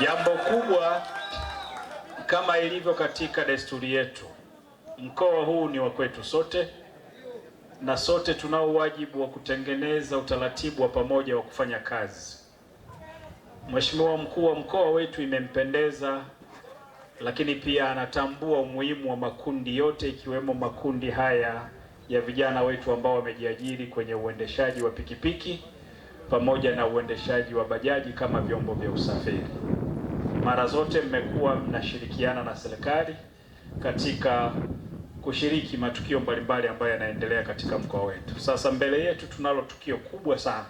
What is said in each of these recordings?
Jambo kubwa kama ilivyo katika desturi yetu, mkoa huu ni wa kwetu sote, na sote tunao wajibu wa kutengeneza utaratibu wa pamoja wa kufanya kazi. Mheshimiwa mkuu wa mkoa wetu imempendeza, lakini pia anatambua umuhimu wa makundi yote ikiwemo makundi haya ya vijana wetu ambao wamejiajiri kwenye uendeshaji wa pikipiki pamoja na uendeshaji wa bajaji kama vyombo vya usafiri mara zote mmekuwa mnashirikiana na serikali katika kushiriki matukio mbalimbali ambayo yanaendelea katika mkoa wetu. Sasa mbele yetu tunalo tukio kubwa sana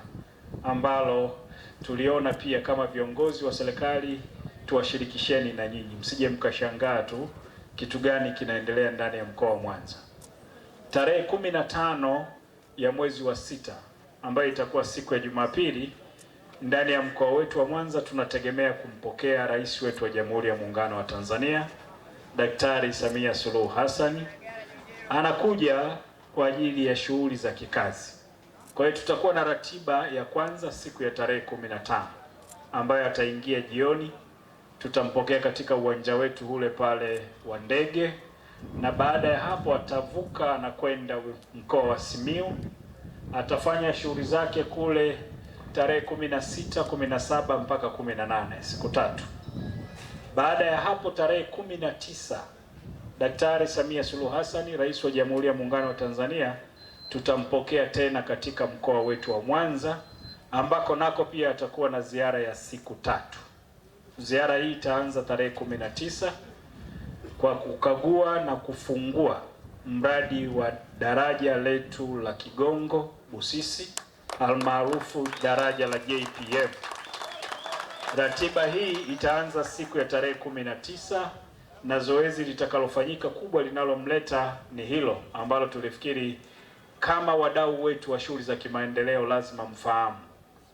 ambalo tuliona pia kama viongozi wa serikali tuwashirikisheni na nyinyi, msije mkashangaa tu kitu gani kinaendelea ndani ya mkoa wa Mwanza. Tarehe kumi na tano ya mwezi wa sita ambayo itakuwa siku ya Jumapili ndani ya mkoa wetu wa Mwanza tunategemea kumpokea rais wetu wa Jamhuri ya Muungano wa Tanzania Daktari Samia Suluhu Hassan. Anakuja kwa ajili ya shughuli za kikazi. Kwa hiyo tutakuwa na ratiba ya kwanza siku ya tarehe kumi na tano ambayo ataingia jioni, tutampokea katika uwanja wetu ule pale wa ndege, na baada ya hapo atavuka na kwenda mkoa wa Simiyu, atafanya shughuli zake kule tarehe 16, 17 mpaka 18, siku tatu. Baada ya hapo tarehe 19 Daktari Samia Suluhu Hassan, Rais wa Jamhuri ya Muungano wa Tanzania, tutampokea tena katika mkoa wetu wa Mwanza ambako nako pia atakuwa na ziara ya siku tatu. Ziara hii itaanza tarehe 19 kwa kukagua na kufungua mradi wa daraja letu la Kigongo Busisi almaarufu daraja la JPM. Ratiba hii itaanza siku ya tarehe kumi na tisa na zoezi litakalofanyika kubwa linalomleta ni hilo ambalo tulifikiri kama wadau wetu wa shughuli za kimaendeleo lazima mfahamu,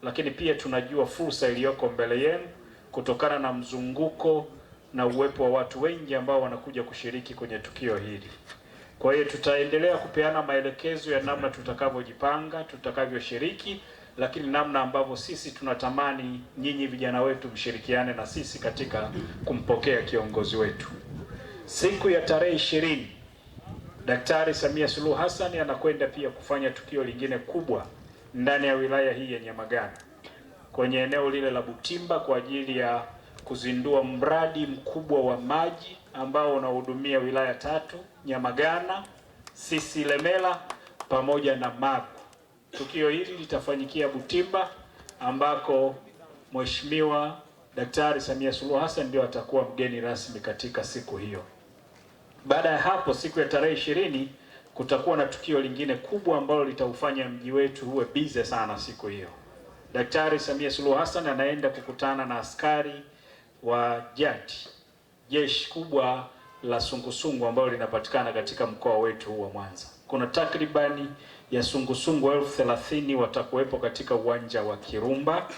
lakini pia tunajua fursa iliyoko mbele yenu kutokana na mzunguko na uwepo wa watu wengi ambao wanakuja kushiriki kwenye tukio hili. Kwa hiyo tutaendelea kupeana maelekezo ya namna tutakavyojipanga, tutakavyoshiriki, lakini namna ambavyo sisi tunatamani nyinyi vijana wetu mshirikiane na sisi katika kumpokea kiongozi wetu. Siku ya tarehe ishirini Daktari Samia Suluhu Hassan anakwenda pia kufanya tukio lingine kubwa ndani ya wilaya hii ya Nyamagana kwenye eneo lile la Butimba kwa ajili ya kuzindua mradi mkubwa wa maji ambao unahudumia wilaya tatu Nyamagana, Sisi Lemela pamoja na Magu. Tukio hili litafanyikia Butimba ambako Mheshimiwa Daktari Samia Suluhu Hassan ndio atakuwa mgeni rasmi katika siku hiyo. Baada ya hapo, siku ya tarehe ishirini kutakuwa na tukio lingine kubwa ambalo litaufanya mji wetu uwe bize sana siku hiyo. Daktari Samia Suluhu Hassan anaenda kukutana na askari wa Jati, jeshi kubwa la sungusungu ambalo linapatikana katika mkoa wetu huu wa Mwanza. Kuna takribani ya sungusungu elfu thelathini watakuwepo katika uwanja wa Kirumba,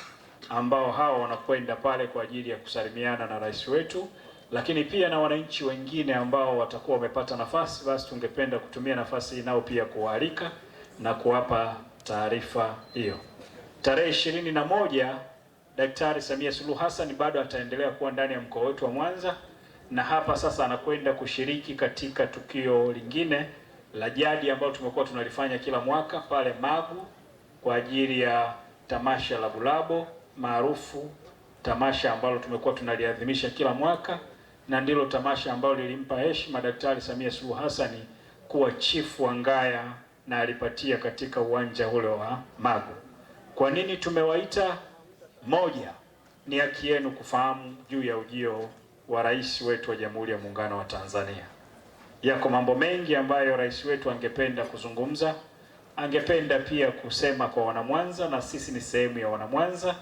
ambao hawa wanakwenda pale kwa ajili ya kusalimiana na rais wetu, lakini pia na wananchi wengine ambao watakuwa wamepata nafasi, basi tungependa kutumia nafasi hii nao pia kuwaalika na kuwapa taarifa hiyo. Tarehe ishirini na moja Daktari Samia Suluhu Hassan bado ataendelea kuwa ndani ya mkoa wetu wa Mwanza, na hapa sasa anakwenda kushiriki katika tukio lingine la jadi ambalo tumekuwa tunalifanya kila mwaka pale Magu kwa ajili ya tamasha la Bulabo maarufu, tamasha ambalo tumekuwa tunaliadhimisha kila mwaka na ndilo tamasha ambalo lilimpa heshima Daktari Samia Suluhu Hassan kuwa chifu wa Ngaya na alipatia katika uwanja ule wa Magu. Kwa nini tumewaita moja ni haki yenu kufahamu juu ya ujio wa rais wetu wa Jamhuri ya Muungano wa Tanzania. Yako mambo mengi ambayo rais wetu angependa kuzungumza, angependa pia kusema kwa Wanamwanza, na sisi ni sehemu ya Wanamwanza,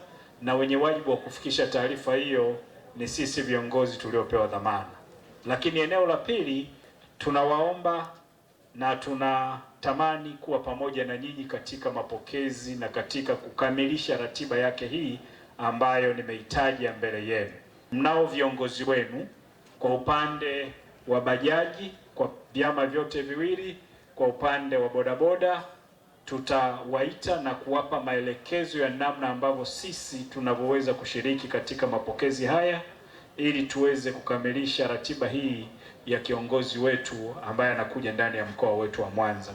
na wenye wajibu wa kufikisha taarifa hiyo ni sisi viongozi tuliopewa dhamana. Lakini eneo la pili tunawaomba na tunatamani kuwa pamoja na nyinyi katika mapokezi na katika kukamilisha ratiba yake hii ambayo nimeitaja mbele yenu. Mnao viongozi wenu kwa upande wa bajaji kwa vyama vyote viwili, kwa upande wa bodaboda tutawaita na kuwapa maelekezo ya namna ambavyo sisi tunavyoweza kushiriki katika mapokezi haya ili tuweze kukamilisha ratiba hii ya kiongozi wetu ambaye anakuja ndani ya mkoa wetu wa Mwanza.